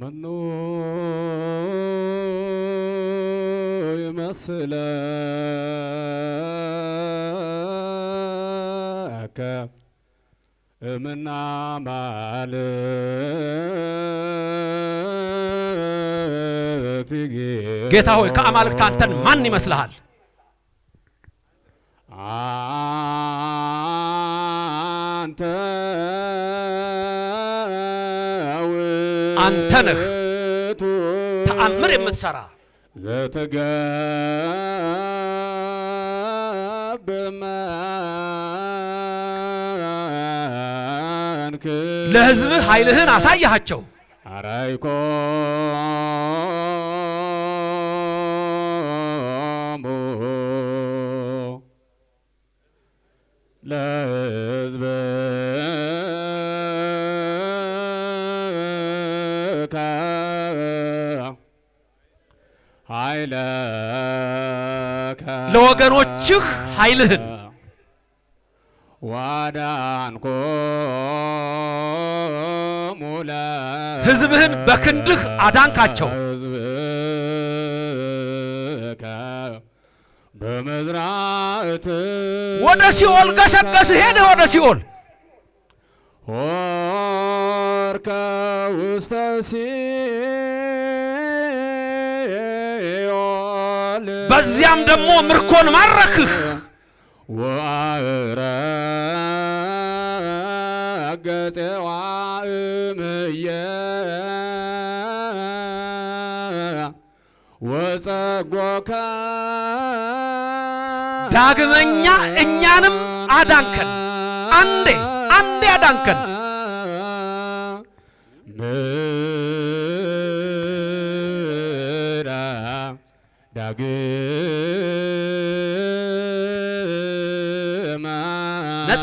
መኑ ይመስለከ እምናማልክት ጌታ ሆይ ከአማልክት አንተን ማን ይመስልሃል? አንተ ነህ ተአምር የምትሰራ ለህዝብህ ኃይልህን አሳያሃቸው አራይኮ ለወገኖችህ ኃይልህን ዋዳንኮሙ ህዝብህን በክንድህ አዳንካቸው በመዝራት ወደ ሲኦል ገሰገስህ ሄድህ ወደ ሲኦል በዚያም ደግሞ ምርኮን ማረክህ። ዳግመኛ እኛንም አዳንከን። አንዴ አንዴ አዳንከን።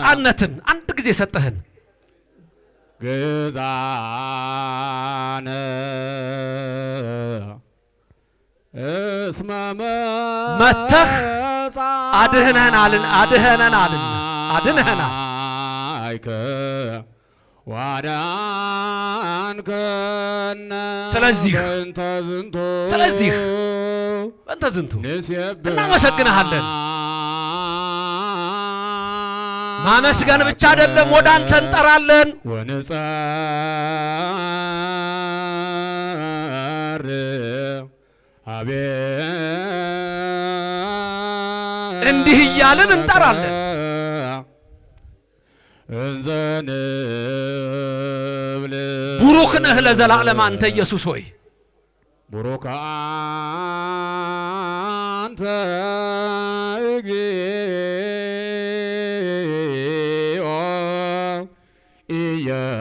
ነፃነትን አንድ ጊዜ ሰጠህን። ግዛነ መተህ አድህነናልን አድህነናልን አድንህናል ስለዚህ ስለዚህ እንተ ዝንቱ እናመሰግንሃለን። ማመስገን ብቻ አይደለም፣ ወደ አንተ እንጠራለን። ወንጻር አቤ እንዲህ እያልን እንጠራለን። ቡሩክ ነህ ለዘላለም አንተ ኢየሱስ ሆይ ቡሩክ አንተ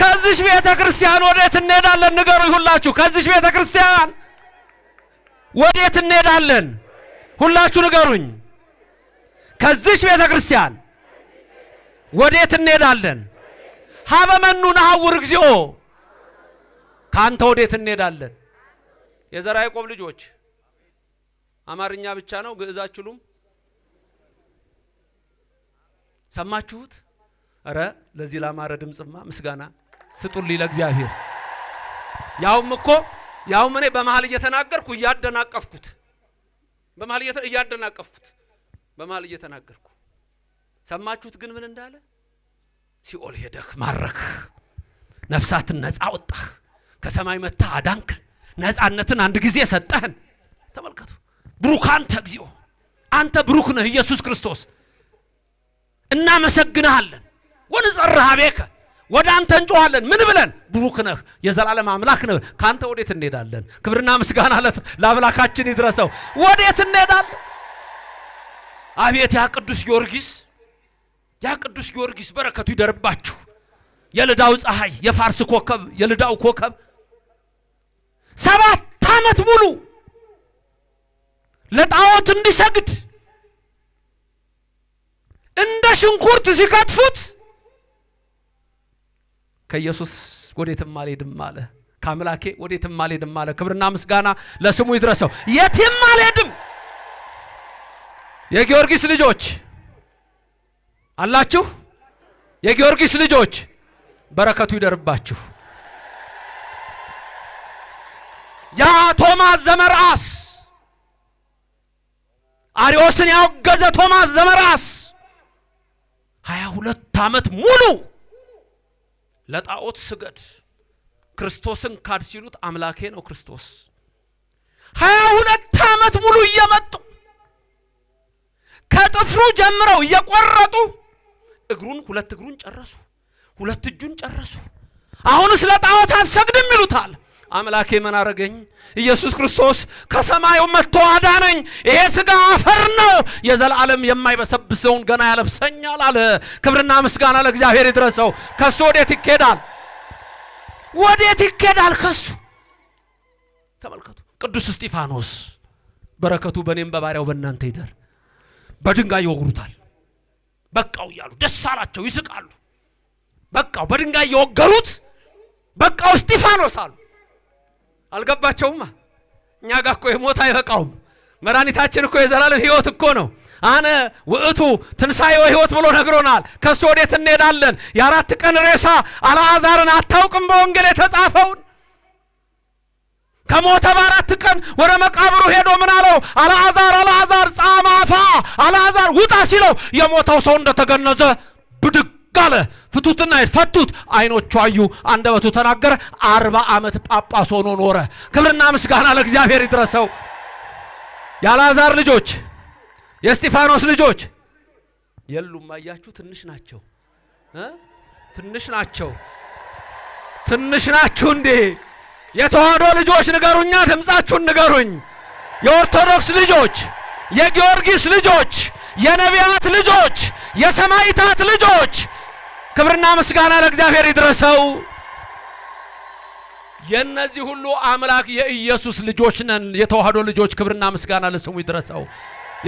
ከዚች ቤተ ክርስቲያን ወዴት እንሄዳለን? ንገሩ ሁላችሁ። ከዚች ቤተ ክርስቲያን ወዴት እንሄዳለን? ሁላችሁ ንገሩኝ። ከዚች ቤተ ክርስቲያን ወዴት እንሄዳለን? ሀበመኑ ነሐውር እግዚኦ፣ ከአንተ ወዴት እንሄዳለን? የዘራ ያዕቆብ ልጆች አማርኛ ብቻ ነው ግዕዝ ሰማችሁት? እረ ለዚህ ላማረ ድምፅማ ምስጋና ስጡልኝ ለእግዚአብሔር። ያውም እኮ ያውም እኔ በመሀል እየተናገርኩ እያደናቀፍኩት በመሀል እያደናቀፍኩት በመሀል እየተናገርኩ ሰማችሁት። ግን ምን እንዳለ ሲኦል ሄደህ ማረክህ፣ ነፍሳትን ነፃ ወጣህ፣ ከሰማይ መታ አዳንክን ነፃነትን አንድ ጊዜ ሰጠህን። ተመልከቱ። ብሩክ አንተ እግዚኦ፣ አንተ ብሩክ ነህ ኢየሱስ ክርስቶስ፣ እናመሰግንሃለን ወንጸር ሀቤከ ወደ አንተ እንጮኻለን። ምን ብለን? ቡሩክ ነህ፣ የዘላለም አምላክ ነህ። ከአንተ ወዴት እንሄዳለን? ክብርና ምስጋና ለአምላካችን ይድረሰው። ወዴት እንሄዳለን? አቤት ያ ቅዱስ ጊዮርጊስ፣ ያ ቅዱስ ጊዮርጊስ በረከቱ ይደርባችሁ። የልዳው ፀሐይ፣ የፋርስ ኮከብ፣ የልዳው ኮከብ ሰባት ዓመት ሙሉ ለጣዖት እንዲሰግድ እንደ ሽንኩርት ሲከትፉት ከኢየሱስ ወዴትም አልሄድም አለ። ከአምላኬ ወዴትም አልሄድም አለ። ክብርና ምስጋና ለስሙ ይድረሰው። የትም አልሄድም። የጊዮርጊስ ልጆች አላችሁ። የጊዮርጊስ ልጆች በረከቱ ይደርባችሁ። ያ ቶማስ ዘመርአስ አሪዎስን ያወገዘ ቶማስ ዘመርአስ ሀያ ሁለት ዓመት ሙሉ ለጣዖት ስገድ፣ ክርስቶስን ካድ ሲሉት አምላኬ ነው ክርስቶስ። ሀያ ሁለት ዓመት ሙሉ እየመጡ ከጥፍሩ ጀምረው እየቆረጡ እግሩን ሁለት እግሩን ጨረሱ፣ ሁለት እጁን ጨረሱ። አሁንስ ለጣዖት አልሰግድም ይሉታል። አምላኬ ምን አረገኝ? ኢየሱስ ክርስቶስ ከሰማዩ መጥቶ አዳነኝ። ይሄ ስጋ አፈር ነው፣ የዘላለም የማይበሰብሰውን ገና ያለብሰኛል አለ። ክብርና ምስጋና ለእግዚአብሔር ይድረሰው። ከሱ ወዴት ይኬዳል? ወዴት ይኬዳል? ከሱ ተመልከቱ። ቅዱስ እስጢፋኖስ በረከቱ በእኔም በባሪያው በእናንተ ይደር። በድንጋይ ይወግሩታል። በቃው እያሉ ደስ አላቸው፣ ይስቃሉ። በቃው በድንጋይ የወገሩት በቃው እስጢፋኖስ አሉ። አልገባቸውማ። እኛ ጋር እኮ የሞት አይበቃውም። መድኃኒታችን እኮ የዘላለም ህይወት እኮ ነው። አነ ውእቱ ትንሣኤ ህይወት ብሎ ነግሮናል። ከሱ ወዴት እንሄዳለን? የአራት ቀን ሬሳ አልዓዛርን አታውቅም? በወንጌል የተጻፈውን ከሞተ በአራት ቀን ወደ መቃብሩ ሄዶ ምን አለው? አልዓዛር አልዓዛር ጻማፋ አልዓዛር ውጣ ሲለው የሞተው ሰው እንደተገነዘ ብድግ አለ። ፍቱትና ፈቱት። አይኖቹ አዩ፣ አንደበቱ ተናገረ። አርባ ዓመት ጳጳስ ሆኖ ኖረ። ክብርና ምስጋና ለእግዚአብሔር ይድረሰው። የአልዓዛር ልጆች የእስጢፋኖስ ልጆች የሉም። አያችሁ፣ ትንሽ ናቸው፣ ትንሽ ናቸው፣ ትንሽ ናችሁ እንዴ! የተዋህዶ ልጆች ንገሩኛ፣ ድምፃችሁን ንገሩኝ። የኦርቶዶክስ ልጆች፣ የጊዮርጊስ ልጆች፣ የነቢያት ልጆች፣ የሰማይታት ልጆች ክብርና ምስጋና ለእግዚአብሔር ይድረሰው። የእነዚህ ሁሉ አምላክ የኢየሱስ ልጆች ነን፣ የተዋህዶ ልጆች። ክብርና ምስጋና ለስሙ ይድረሰው።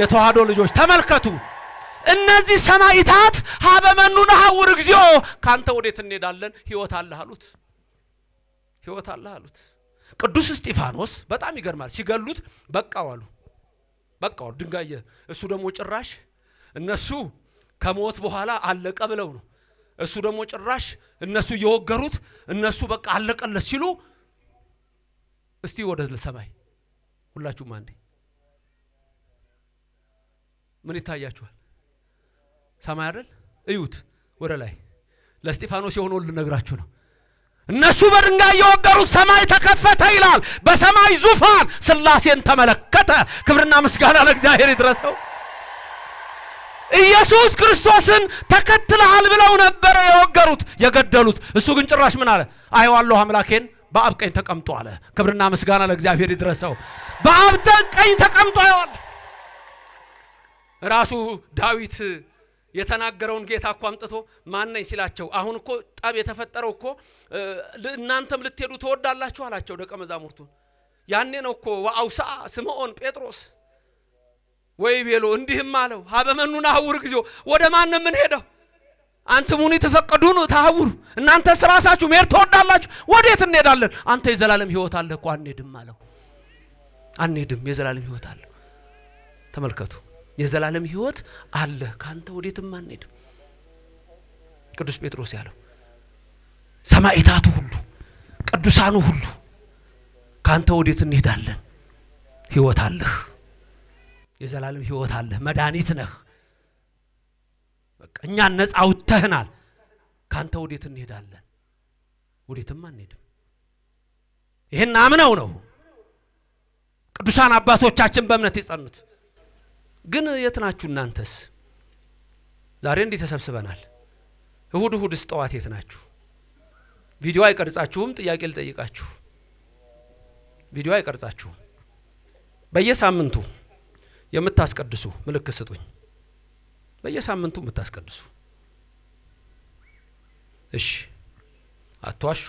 የተዋህዶ ልጆች ተመልከቱ። እነዚህ ሰማይታት ሀበመኑ ነሐውር እግዚኦ፣ ካንተ ወዴት እንሄዳለን? ህይወት አለህ አሉት። ህይወት አለህ አሉት። ቅዱስ እስጢፋኖስ በጣም ይገርማል። ሲገሉት በቃው አሉ፣ በቃው ድንጋየ። እሱ ደግሞ ጭራሽ እነሱ ከሞት በኋላ አለቀ ብለው ነው እሱ ደግሞ ጭራሽ እነሱ እየወገሩት እነሱ በቃ አለቀለት ሲሉ እስቲ ወደ ሰማይ ሁላችሁም አንዴ ምን ይታያችኋል? ሰማይ አይደል? እዩት ወደ ላይ። ለእስጢፋኖስ የሆነውን ልነግራችሁ ነው። እነሱ በድንጋይ የወገሩት ሰማይ ተከፈተ ይላል። በሰማይ ዙፋን ስላሴን ተመለከተ። ክብርና ምስጋና ለእግዚአብሔር ይድረሰው። ኢየሱስ ክርስቶስን ተከትለሃል ብለው ነበረ የወገሩት የገደሉት። እሱ ግን ጭራሽ ምን አለ? አየዋለሁ አምላኬን በአብ ቀኝ ተቀምጦ አለ። ክብርና ምስጋና ለእግዚአብሔር ይድረሰው። በአብ ቀኝ ተቀምጦ አየዋለሁ። ራሱ ዳዊት የተናገረውን ጌታ እኮ አምጥቶ ማን ነኝ ሲላቸው፣ አሁን እኮ ጠብ የተፈጠረው እኮ እናንተም ልትሄዱ ትወዳላችሁ አላቸው ደቀ መዛሙርቱን። ያኔ ነው እኮ ወአውሳ ስምዖን ጴጥሮስ ወይ ቤሎ እንዲህም አለው ሀበመኑ ናሐውር ጊዜው ወደ ማን ነው ሄደው አንተ ሙኒ ተፈቀዱ ነው ታውሩ እናንተ ስራሳችሁ መሄድ ትወዳላችሁ። ወዴት እንሄዳለን? አንተ የዘላለም ህይወት አለ እኮ አንሄድም አለው። አንሄድም የዘላለም ህይወት አለ። ተመልከቱ፣ የዘላለም ህይወት አለ ካንተ ወዴትም አንሄድም። ቅዱስ ጴጥሮስ ያለው ሰማዕታቱ ሁሉ ቅዱሳኑ ሁሉ ካንተ ወዴት እንሄዳለን? ህይወት አለህ። የዘላለም ህይወት አለ። መድኃኒት ነህ። በቃ እኛን ነፃ አውጥተህናል። ካንተ ወዴት እንሄዳለን? ወዴትም አንሄድም። ይህን አምነው ነው ቅዱሳን አባቶቻችን በእምነት የጸኑት። ግን የት ናችሁ እናንተስ? ዛሬ እንዲህ ተሰብስበናል። እሁድ እሁድስ ጠዋት የት ናችሁ? ቪዲዮ አይቀርጻችሁም? ጥያቄ ልጠይቃችሁ። ቪዲዮ አይቀርጻችሁም በየሳምንቱ የምታስቀድሱ ምልክት ስጡኝ። በየሳምንቱ የምታስቀድሱ እሺ፣ አትዋሹ።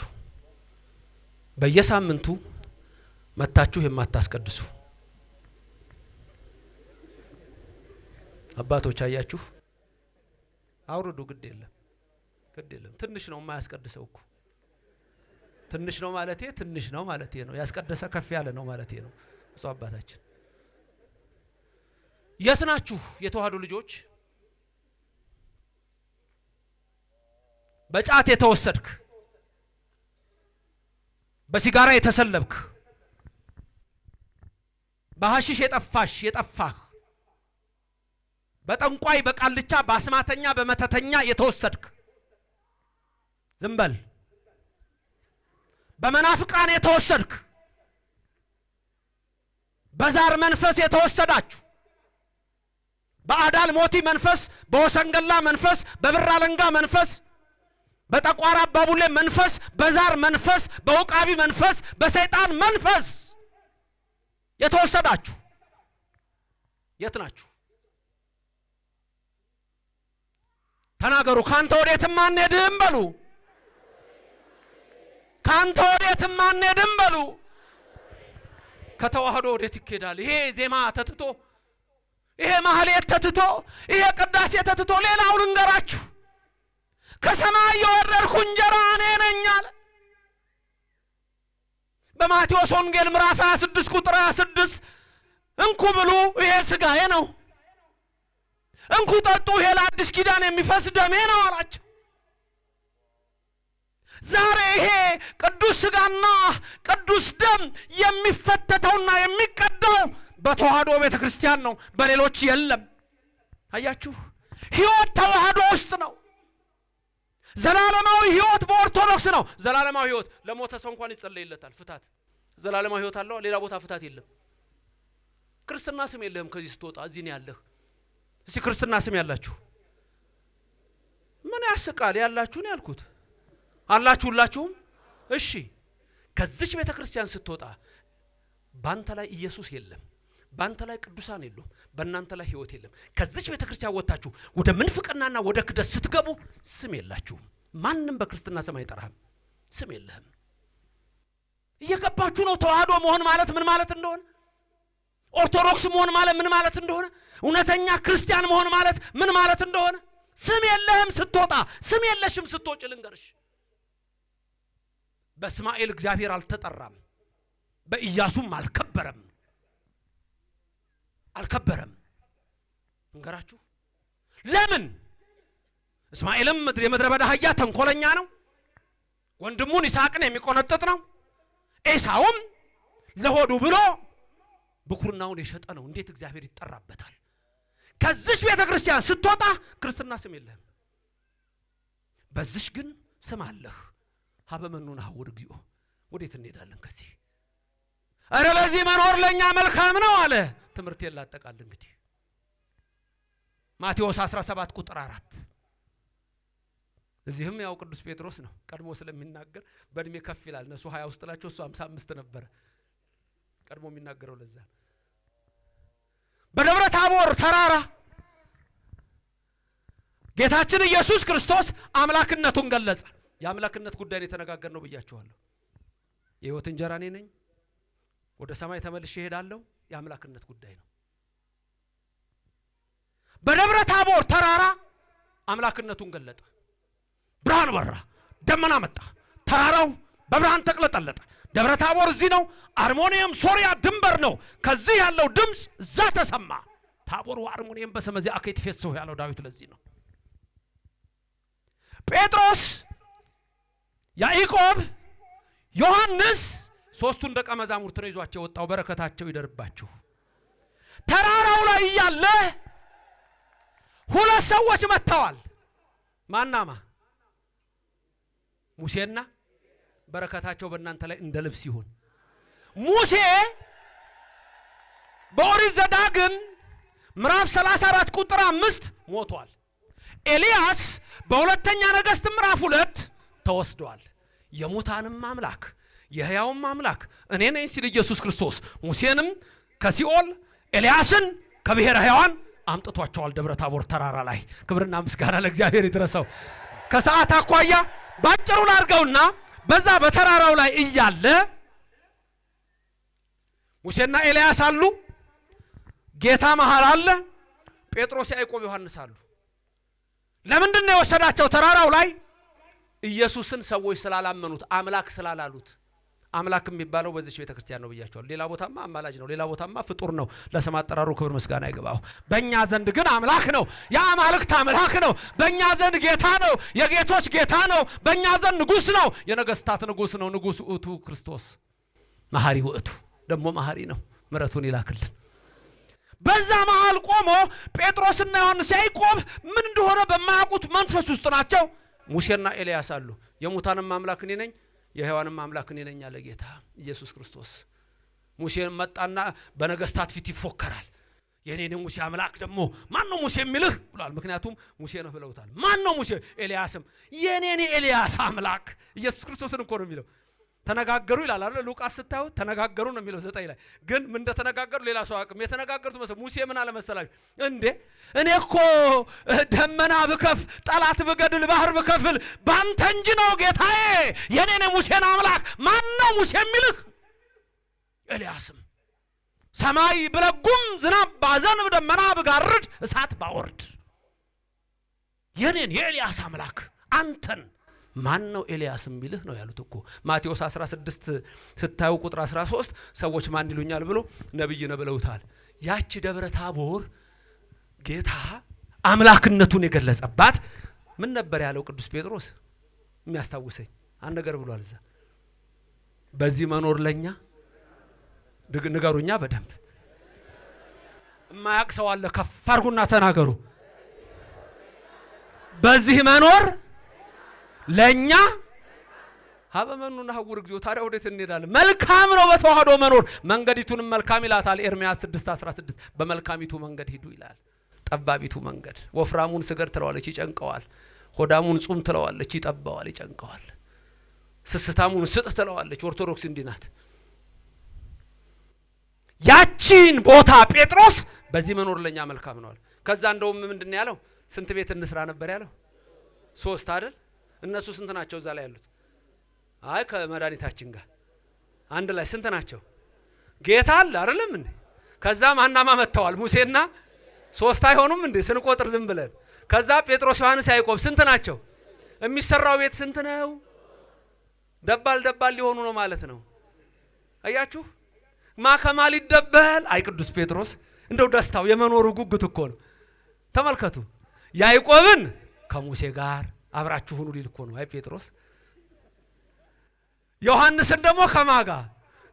በየሳምንቱ መታችሁ የማታስቀድሱ አባቶች አያችሁ፣ አውርዱ። ግድ የለም ግድ የለም። ትንሽ ነው የማያስቀድሰው እኮ ትንሽ ነው ማለት ትንሽ ነው ማለት ነው። ያስቀደሰ ከፍ ያለ ነው ማለት ነው። ብፁዕ አባታችን የት ናችሁ የተዋህዶ ልጆች? በጫት የተወሰድክ፣ በሲጋራ የተሰለብክ፣ በሐሽሽ የጠፋሽ የጠፋህ፣ በጠንቋይ በቃልቻ በአስማተኛ በመተተኛ የተወሰድክ ዝም በል። በመናፍቃን የተወሰድክ፣ በዛር መንፈስ የተወሰዳችሁ በአዳል ሞቲ መንፈስ፣ በወሰንገላ መንፈስ፣ በብር አለንጋ መንፈስ፣ በጠቋራ አባቡሌ መንፈስ፣ በዛር መንፈስ፣ በውቃቢ መንፈስ፣ በሰይጣን መንፈስ የተወሰዳችሁ የት ናችሁ? ተናገሩ። ካንተ ወዴትም አንሄድም በሉ። ካንተ ወዴትም አንሄድም በሉ። ከተዋህዶ ወዴት ይኬዳል? ይሄ ዜማ ተትቶ ይሄ ማህሌት ተትቶ ይሄ ቅዳሴ ተትቶ ሌላው ልንገራችሁ፣ ከሰማይ የወረድኩ እንጀራ እኔ ነኝ አለ። በማቴዎስ ወንጌል ምዕራፍ 26 ቁጥር 26 እንኩ ብሉ፣ ይሄ ስጋዬ ነው፣ እንኩ ጠጡ፣ ይሄ ለአዲስ ኪዳን የሚፈስ ደሜ ነው አላቸው። ዛሬ ይሄ ቅዱስ ስጋና ቅዱስ ደም የሚፈተተውና የሚቀደው በተዋህዶ ቤተ ክርስቲያን ነው፣ በሌሎች የለም። አያችሁ፣ ህይወት ተዋህዶ ውስጥ ነው። ዘላለማዊ ህይወት በኦርቶዶክስ ነው። ዘላለማዊ ህይወት ለሞተ ሰው እንኳን ይጸለይለታል። ፍታት ዘላለማዊ ህይወት አለው። ሌላ ቦታ ፍታት የለም። ክርስትና ስም የለህም። ከዚህ ስትወጣ እዚህ ነው ያለህ። እስቲ ክርስትና ስም ያላችሁ ምን ያስቃል? ያላችሁን ያልኩት አላችሁ ሁላችሁም። እሺ ከዚች ቤተ ክርስቲያን ስትወጣ ባንተ ላይ ኢየሱስ የለም። በአንተ ላይ ቅዱሳን የሉም፣ በእናንተ ላይ ህይወት የለም። ከዚች ቤተ ክርስቲያን ወጥታችሁ ወደ ምንፍቅናና ወደ ክደት ስትገቡ ስም የላችሁም። ማንም በክርስትና ስም አይጠራህም፣ ስም የለህም። እየገባችሁ ነው ተዋህዶ መሆን ማለት ምን ማለት እንደሆነ ኦርቶዶክስ መሆን ማለት ምን ማለት እንደሆነ እውነተኛ ክርስቲያን መሆን ማለት ምን ማለት እንደሆነ ስም የለህም ስትወጣ፣ ስም የለሽም ስትወጭ። ልንገርሽ በእስማኤል እግዚአብሔር አልተጠራም፣ በኢያሱም አልከበረም። አልከበረም። እንገራችሁ ለምን? እስማኤልም የምድረ በዳ አህያ ተንኮለኛ ነው። ወንድሙን ይስሐቅን የሚቆነጥጥ ነው። ኤሳውም ለሆዱ ብሎ ብኩርናውን የሸጠ ነው። እንዴት እግዚአብሔር ይጠራበታል? ከዚሽ ቤተ ክርስቲያን ስትወጣ ክርስትና ስም የለህም፣ በዚሽ ግን ስም አለህ። ሀበመኑን አውድ እግዚኦ። ወዴት እንሄዳለን ከዚህ? እረ በዚህ መኖር ለእኛ መልካም ነው አለ። ትምህርቴን ላጠቃል እንግዲህ ማቴዎስ 17 ቁጥር አራት እዚህም ያው ቅዱስ ጴጥሮስ ነው ቀድሞ ስለሚናገር በእድሜ ከፍ ይላል። እነሱ ሀያ ውስጥ ላቸው እሱ ሀምሳ አምስት ነበረ ቀድሞ የሚናገረው ለዛ በደብረ ታቦር ተራራ ጌታችን ኢየሱስ ክርስቶስ አምላክነቱን ገለጸ። የአምላክነት ጉዳይ ነው የተነጋገርነው ብያችኋለሁ። የህይወት እንጀራ እኔ ነኝ። ወደ ሰማይ ተመልሼ እሄዳለሁ የአምላክነት ጉዳይ ነው። በደብረ ታቦር ተራራ አምላክነቱን ገለጠ። ብርሃን በራ፣ ደመና መጣ፣ ተራራው በብርሃን ተቅለጠለጠ። ደብረ ታቦር እዚህ ነው። አርሞኒየም ሶሪያ ድንበር ነው። ከዚህ ያለው ድምፅ እዛ ተሰማ። ታቦር በሰመዚ በሰመ ዚአከ ሰው ያለው ዳዊት ለዚህ ነው። ጴጥሮስ፣ ያዕቆብ፣ ዮሐንስ ሶስቱን ደቀ መዛሙርት ነው ይዟቸው የወጣው። በረከታቸው ይደርባችሁ። ተራራው ላይ እያለ ሁለት ሰዎች መጥተዋል። ማናማ ሙሴና በረከታቸው በእናንተ ላይ እንደ ልብስ ይሁን። ሙሴ በኦሪት ዘዳግም ምዕራፍ 34 ቁጥር አምስት ሞቷል። ኤልያስ በሁለተኛ ነገሥት ምዕራፍ ሁለት ተወስዷል። የሙታንም አምላክ የሕያውም አምላክ እኔ ነኝ ሲል ኢየሱስ ክርስቶስ ሙሴንም ከሲኦል ኤልያስን ከብሔረ ሕያዋን አምጥቷቸዋል ደብረ ታቦር ተራራ ላይ። ክብርና ምስጋና ለእግዚአብሔር ይድረሰው። ከሰዓት አኳያ ባጭሩ ላድርገውና በዛ በተራራው ላይ እያለ ሙሴና ኤልያስ አሉ፣ ጌታ መሃል አለ፣ ጴጥሮስ፣ ያዕቆብ፣ ዮሐንስ አሉ። ለምንድን ነው የወሰዳቸው ተራራው ላይ? ኢየሱስን ሰዎች ስላላመኑት አምላክ ስላላሉት አምላክ የሚባለው በዚች ቤተ ክርስቲያን ነው ብያቸዋል። ሌላ ቦታማ አማላጅ ነው፣ ሌላ ቦታማ ፍጡር ነው። ለስም አጠራሩ ክብር ምስጋና ይግባው። በእኛ ዘንድ ግን አምላክ ነው፣ የአማልክት አምላክ ነው። በእኛ ዘንድ ጌታ ነው፣ የጌቶች ጌታ ነው። በእኛ ዘንድ ንጉስ ነው፣ የነገስታት ንጉስ ነው። ንጉስ ውእቱ ክርስቶስ መሐሪ ውእቱ ደግሞ መሐሪ ነው። ምረቱን ይላክልን። በዛ መሃል ቆሞ ጴጥሮስና ዮሐንስ ያዕቆብ ምን እንደሆነ በማያውቁት መንፈስ ውስጥ ናቸው። ሙሴና ኤልያስ አሉ። የሙታንም አምላክ እኔ ነኝ የሕያዋንም አምላክ እኔ ነኝ አለ ጌታ ኢየሱስ ክርስቶስ። ሙሴ መጣና በነገስታት ፊት ይፎከራል። የኔን ሙሴ አምላክ ደግሞ ማን ነው ሙሴ የሚልህ ብሏል። ምክንያቱም ሙሴ ነው ብለውታል። ማን ነው ሙሴ? ኤልያስም የኔን ኤልያስ አምላክ ኢየሱስ ክርስቶስን እኮ ነው የሚለው ተነጋገሩ ይላል አይደል? ሉቃስ ስታዩት ተነጋገሩ ነው የሚለው ዘጠኝ ላይ ግን ምን እንደተነጋገሩ ሌላ ሰው አቅም የተነጋገሩት መሰ ሙሴ ምን አለ መሰላችሁ? እንዴ እኔ እኮ ደመና ብከፍ፣ ጠላት ብገድል፣ ባህር ብከፍል ባንተ እንጂ ነው ጌታዬ። ነው ሙሴን አምላክ ማን ነው ሙሴ የሚልህ? ኤልያስም ሰማይ ብለጉም፣ ዝናብ ባዘንብ፣ ደመና ብጋርድ፣ እሳት ባወርድ የኔን የኤልያስ አምላክ አንተን ማን ነው ኤልያስ የሚልህ ነው ያሉት እኮ ማቴዎስ 16 ስታዩ ቁጥር 13 ሰዎች ማን ይሉኛል ብሎ ነቢይ ነው ብለውታል። ያቺ ደብረ ታቦር ጌታ አምላክነቱን የገለጸባት ምን ነበር ያለው ቅዱስ ጴጥሮስ? የሚያስታውሰኝ አንድ ነገር ብሏል። እዛ በዚህ መኖር ለእኛ ንገሩኛ፣ በደንብ እማያቅ ሰው አለ? ከፍ አድርጉና ተናገሩ። በዚህ መኖር ለእኛ ሀበመኑን ሀውር እግዚኦ። ታዲያ ወዴት እንሄዳለን? መልካም ነው በተዋህዶ መኖር። መንገዲቱንም መልካም ይላታል ኤርምያስ 6 16 በመልካሚቱ መንገድ ሂዱ ይላል። ጠባቢቱ መንገድ ወፍራሙን ስገድ ትለዋለች፣ ይጨንቀዋል። ሆዳሙን ጹም ትለዋለች፣ ይጠባዋል፣ ይጨንቀዋል። ስስታሙን ስጥ ትለዋለች። ኦርቶዶክስ እንዲህ ናት። ያቺን ቦታ ጴጥሮስ በዚህ መኖር ለእኛ መልካም ነዋል። ከዛ እንደውም ምንድን ያለው ስንት ቤት እንስራ ነበር ያለው? ሶስት አይደል እነሱ ስንት ናቸው እዛ ላይ ያሉት? አይ ከመድኃኒታችን ጋር አንድ ላይ ስንት ናቸው? ጌታ አለ አይደለም እንዴ? ከዛ ማናማ መጥተዋል ሙሴና ሶስት አይሆኑም እንዴ ስንቆጥር ዝም ብለን። ከዛ ጴጥሮስ፣ ዮሐንስ፣ ያዕቆብ ስንት ናቸው? የሚሰራው ቤት ስንት ነው? ደባል ደባል ሊሆኑ ነው ማለት ነው። አያችሁ ማከማ ሊደበል አይ ቅዱስ ጴጥሮስ እንደው ደስታው የመኖሩ ጉጉት እኮ ነው። ተመልከቱ ያዕቆብን ከሙሴ ጋር አብራችሁ ሁኑ ሊል እኮ ነው። አይ ጴጥሮስ ዮሐንስን ደግሞ ከማጋ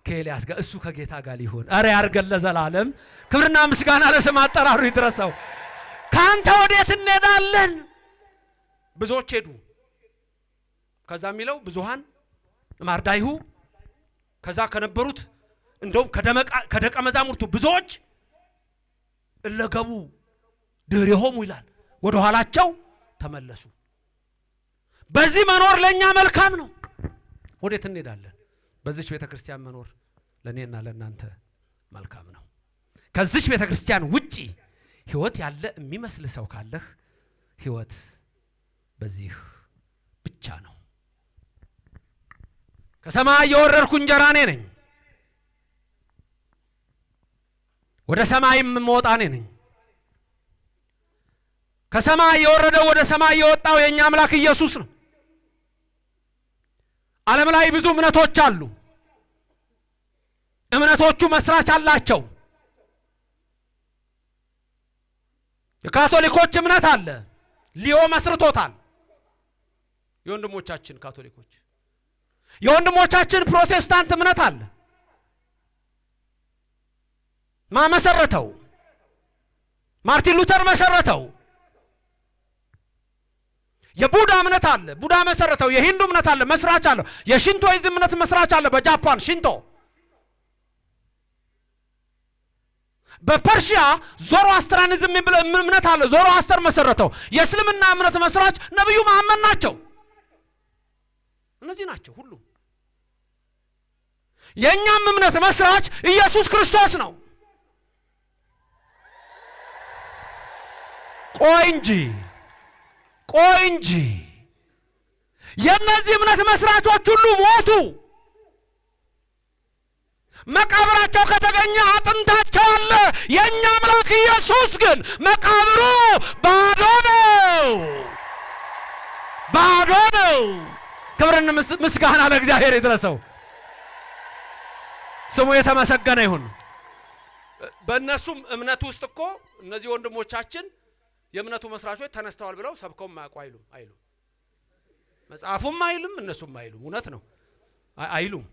ከኤልያስ ጋር እሱ ከጌታ ጋር ሊሆን አረ ያርገን ለዘላለም ክብርና ምስጋና ለስም አጠራሩ ይድረሰው። ከአንተ ወዴት እንሄዳለን? ብዙዎች ሄዱ። ከዛ የሚለው ብዙሃን ማርዳይሁ ከዛ ከነበሩት እንደውም ከደቀ መዛሙርቱ ብዙዎች እለገቡ ድኅሬሆሙ ይላል ወደ ኋላቸው ተመለሱ። በዚህ መኖር ለእኛ መልካም ነው። ወዴት እንሄዳለን? በዚች ቤተ ክርስቲያን መኖር ለእኔና ለእናንተ መልካም ነው። ከዚች ቤተ ክርስቲያን ውጪ ህይወት ያለ የሚመስል ሰው ካለህ ህይወት በዚህ ብቻ ነው። ከሰማይ የወረድኩ እንጀራ እኔ ነኝ። ወደ ሰማይም የምወጣ እኔ ነኝ። ከሰማይ የወረደው ወደ ሰማይ የወጣው የእኛ አምላክ ኢየሱስ ነው። ዓለም ላይ ብዙ እምነቶች አሉ። እምነቶቹ መስራች አላቸው። የካቶሊኮች እምነት አለ። ሊዮ መስርቶታል። የወንድሞቻችን ካቶሊኮች፣ የወንድሞቻችን ፕሮቴስታንት እምነት አለ። ማመሰረተው መሰረተው? ማርቲን ሉተር መሰረተው። የቡዳ እምነት አለ። ቡዳ መሰረተው። የሂንዱ እምነት አለ፣ መስራች አለው። የሽንቶይዝም እምነት መስራች አለ። በጃፓን ሽንቶ፣ በፐርሺያ ዞሮ አስትራኒዝም እምነት አለ። ዞሮ አስተር መሰረተው። የእስልምና እምነት መስራች ነቢዩ መሐመድ ናቸው። እነዚህ ናቸው ሁሉም። የእኛም እምነት መስራች ኢየሱስ ክርስቶስ ነው። ቆይ እንጂ ቆይ እንጂ የእነዚህ እምነት መስራቾች ሁሉ ሞቱ። መቃብራቸው ከተገኘ አጥንታቸው አለ። የእኛ አምላክ ኢየሱስ ግን መቃብሩ ባዶ ነው፣ ባዶ ነው። ክብርን ምስጋና ለእግዚአብሔር ይድረሰው፣ ስሙ የተመሰገነ ይሁን። በእነሱም እምነት ውስጥ እኮ እነዚህ ወንድሞቻችን የእምነቱ መስራቾች ተነስተዋል ብለው ሰብከውም ማያውቁ አይሉም አይሉም መጽሐፉም አይሉም እነሱም አይሉም። እውነት ነው አይሉም።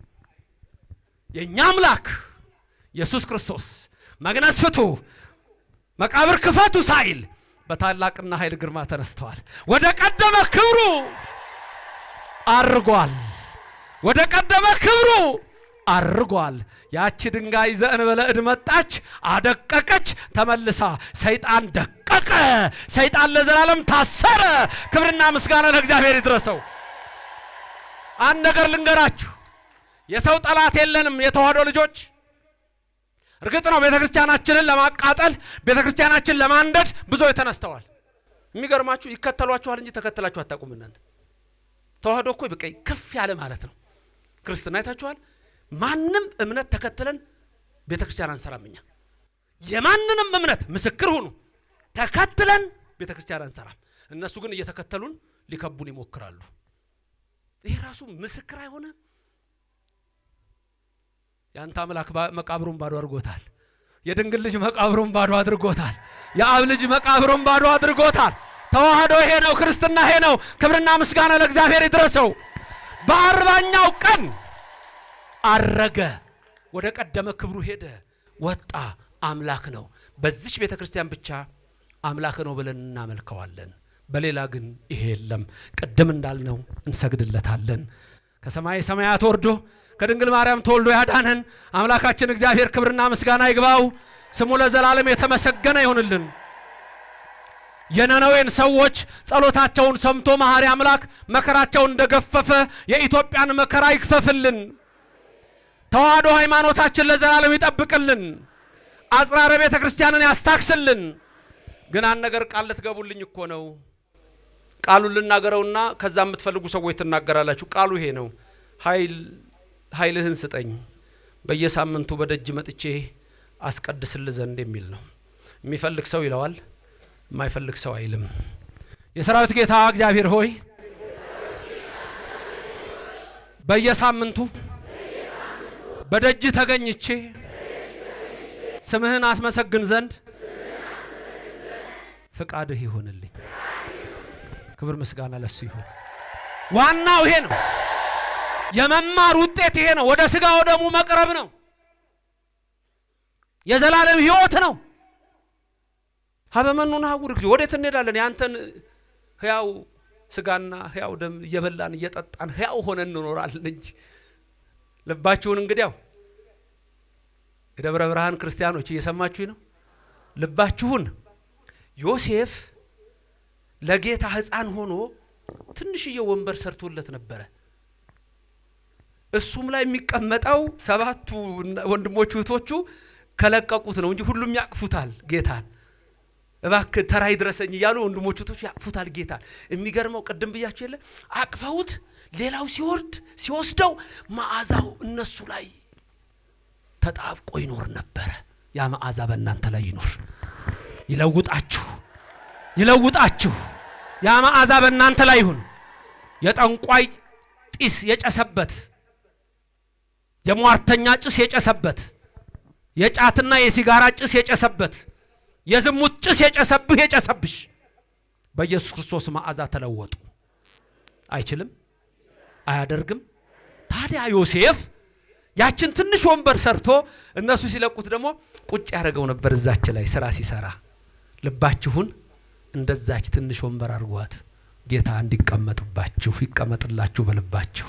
የእኛ አምላክ ኢየሱስ ክርስቶስ መግነት ፍቱ፣ መቃብር ክፈቱ ሳይል በታላቅና ኃይል ግርማ ተነስተዋል። ወደ ቀደመ ክብሩ አርጓል። ወደ ቀደመ ክብሩ አርጓል። ያቺ ድንጋይ ዘእንበለ እድ መጣች፣ አደቀቀች። ተመልሳ ሰይጣን ደቀቀ። ሰይጣን ለዘላለም ታሰረ። ክብርና ምስጋና ለእግዚአብሔር ይድረሰው። አንድ ነገር ልንገራችሁ፣ የሰው ጠላት የለንም የተዋህዶ ልጆች እርግጥ ነው ቤተ ክርስቲያናችንን ለማቃጠል ቤተ ክርስቲያናችን ለማንደድ ብዙ የተነስተዋል። የሚገርማችሁ ይከተሏችኋል እንጂ ተከተላችሁ አታውቁም። እናንተ ተዋህዶ እኮ በቃ ከፍ ያለ ማለት ነው። ክርስትና አይታችኋል። ማንም እምነት ተከትለን ቤተ ክርስቲያን አንሰራም። እኛ የማንንም እምነት ምስክር ሁኑ ተከትለን ቤተ ክርስቲያን አንሰራም። እነሱ ግን እየተከተሉን ሊከቡን ይሞክራሉ። ይሄ ራሱ ምስክር አይሆነ? የአንተ አምላክ መቃብሩን ባዶ አድርጎታል። የድንግል ልጅ መቃብሩን ባዶ አድርጎታል። የአብ ልጅ መቃብሩን ባዶ አድርጎታል። ተዋህዶ ይሄ ነው። ክርስትና ይሄ ነው። ክብርና ምስጋና ለእግዚአብሔር ይድረሰው። በአርባኛው ቀን አረገ፣ ወደ ቀደመ ክብሩ ሄደ፣ ወጣ። አምላክ ነው። በዚች ቤተ ክርስቲያን ብቻ አምላክ ነው ብለን እናመልከዋለን። በሌላ ግን ይሄ የለም። ቅድም እንዳልነው እንሰግድለታለን። ከሰማይ ሰማያት ወርዶ ከድንግል ማርያም ተወልዶ ያዳነን አምላካችን እግዚአብሔር ክብርና ምስጋና ይግባው። ስሙ ለዘላለም የተመሰገነ ይሁንልን። የነነዌን ሰዎች ጸሎታቸውን ሰምቶ መሐሪ አምላክ መከራቸውን እንደገፈፈ የኢትዮጵያን መከራ ይክፈፍልን። ተዋህዶ ሃይማኖታችን ለዘላለም ይጠብቅልን። አጽራረ ቤተ ክርስቲያንን ያስታክስልን። ግን አንድ ነገር ቃል ልትገቡልኝ እኮ ነው። ቃሉን ልናገረውና ከዛ የምትፈልጉ ሰዎች ትናገራላችሁ። ቃሉ ይሄ ነው። ኃይልህን ስጠኝ በየሳምንቱ በደጅ መጥቼ አስቀድስል ዘንድ የሚል ነው። የሚፈልግ ሰው ይለዋል፣ የማይፈልግ ሰው አይልም። የሰራዊት ጌታ እግዚአብሔር ሆይ በየሳምንቱ በደጅ ተገኝቼ ስምህን አስመሰግን ዘንድ ፍቃድህ ይሆንልኝ። ክብር ምስጋና ለሱ ይሁን። ዋናው ይሄ ነው። የመማር ውጤት ይሄ ነው። ወደ ስጋ ወደሙ መቅረብ ነው። የዘላለም ህይወት ነው። ሀበመኑ ንሐውር ጊዜ ወዴት እንሄዳለን? ያንተን ህያው ስጋና ህያው ደም እየበላን እየጠጣን ህያው ሆነን እንኖራለን እንጂ ልባችሁን እንግዲያው የደብረ ብርሃን ክርስቲያኖች እየሰማችሁኝ ነው። ልባችሁን ዮሴፍ ለጌታ ሕፃን ሆኖ ትንሽዬ ወንበር ሰርቶለት ነበረ። እሱም ላይ የሚቀመጠው ሰባቱ ወንድሞቹ እህቶቹ ከለቀቁት ነው እንጂ ሁሉም ያቅፉታል ጌታን። እባክህ ተራይ ድረሰኝ እያሉ ወንድሞቹ እህቶቹ ያቅፉታል ጌታን። የሚገርመው ቅድም ብያቸው የለ አቅፈውት ሌላው ሲወርድ ሲወስደው መዓዛው እነሱ ላይ ተጣብቆ ይኖር ነበረ። ያ መዓዛ በእናንተ ላይ ይኖር። ይለውጣችሁ፣ ይለውጣችሁ። ያ መዓዛ በእናንተ ላይ ይሁን። የጠንቋይ ጢስ የጨሰበት የሟርተኛ ጭስ የጨሰበት የጫትና የሲጋራ ጭስ የጨሰበት የዝሙት ጭስ የጨሰብህ የጨሰብሽ በኢየሱስ ክርስቶስ መዓዛ ተለወጡ። አይችልም። አያደርግም። ታዲያ ዮሴፍ ያችን ትንሽ ወንበር ሰርቶ እነሱ ሲለቁት ደግሞ ቁጭ ያደረገው ነበር እዛች ላይ ስራ ሲሰራ ልባችሁን እንደዛች ትንሽ ወንበር አድርጓት ጌታ እንዲቀመጥባችሁ ይቀመጥላችሁ በልባችሁ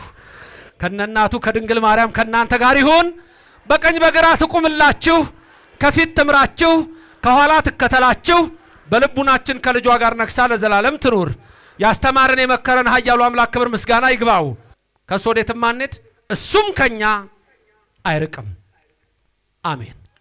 ከነናቱ ከድንግል ማርያም ከእናንተ ጋር ይሁን በቀኝ በግራ ትቁምላችሁ ከፊት ትምራችሁ ከኋላ ትከተላችሁ በልቡናችን ከልጇ ጋር ነግሳ ለዘላለም ትኑር ያስተማረን የመከረን ሀያሉ አምላክ ክብር ምስጋና ይግባው ከእሱ ወዴትም እሱም ከኛ አይርቅም። አሜን።